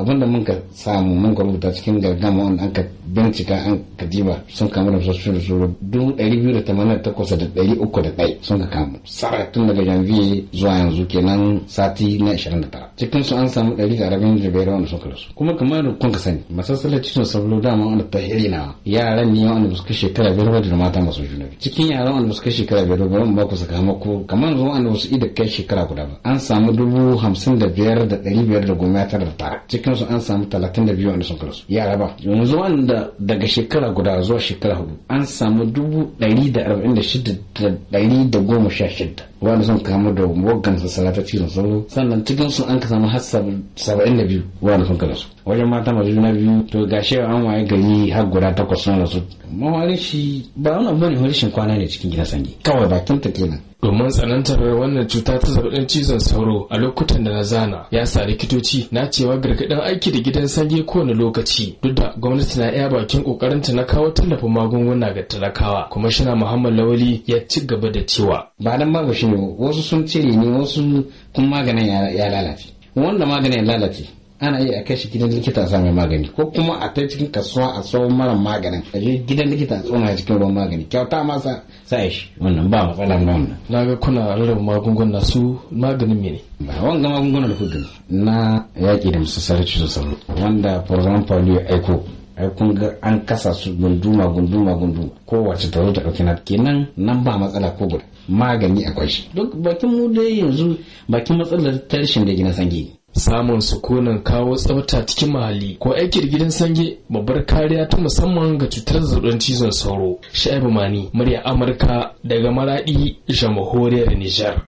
abinda mun ka samu mun ka rubuta cikin gargama wanda an ka bincika an ka diba sun kamu da sosai da suru dubu ɗari biyu da tamanin takwas da ɗari uku da ɗai sun ka kamu sarar tun daga janvier zuwa yanzu kenan sati na ishirin da tara cikin su an samu ɗari da arabin da bayar wanda sun rasu kuma kamar da kun ka sani masassalar cikin sabulu dama wanda ta hiri na yaran ne wanda ba su kai shekara biyar da mata masu juna cikin yaran wanda ba su kai shekara biyar ba ba ku sakamako kamar zuwa wanda ba su ida kai shekara guda ba an samu dubu hamsin da biyar da ɗari biyar da goma tara da tara cikin cikin an samu 32 wanda sun karasu ya raba yanzu wanda daga shekara guda zuwa shekara hudu an samu 146,116 wanda sun kamu da waggan sassara ta cizon sauro sannan cikin su an ka samu har 72 wanda sun karasu wajen mata masu juna biyu to ga shewa an waye gari har guda takwas sun rasu mawarin shi ba wani abu ne wani shin kwana ne cikin gina sanyi kawai bakin ta kenan domin tsanantar wannan cuta ta zazzabin cizon sauro a lokutan da na zana ya sa likitoci na cewa gargaɗin aiki da gidan sanyi kowane lokaci duk da gwamnati na iya bakin ta na kawo tallafin magunguna ga talakawa kuma shina muhammad lawali ya ci gaba da cewa ba dan ba wasu sun cire ne wasu kuma maganin ya lalace wanda maganin ya lalace ana iya a kai si gidan likita sa mai magani ko kuma a ta cikin kasuwa a sau mara maganin a je gidan likita a tsona cikin ruwan magani kyauta ma sa shi wannan ba matsala ba wannan na ga kuna rarraba magunguna su maganin me ne ba wanga magunguna da kuka na yaki da musassarar cutar sauro wanda for example ya aiko ai an kasa su gunduma gunduma gunduma kowace ta zo ta ɗauki na kenan nan ba matsala ko guda magani akwai shi duk bakin mu dai yanzu bakin matsalar tarshin da gina sangi samun sukunin kawo tsafta cikin mahalli ko aikin gidan sange babbar kariya ta musamman ga cutar zazzabin cizon sauro shaibu mani murya amurka daga maradi jamhuriyar nijar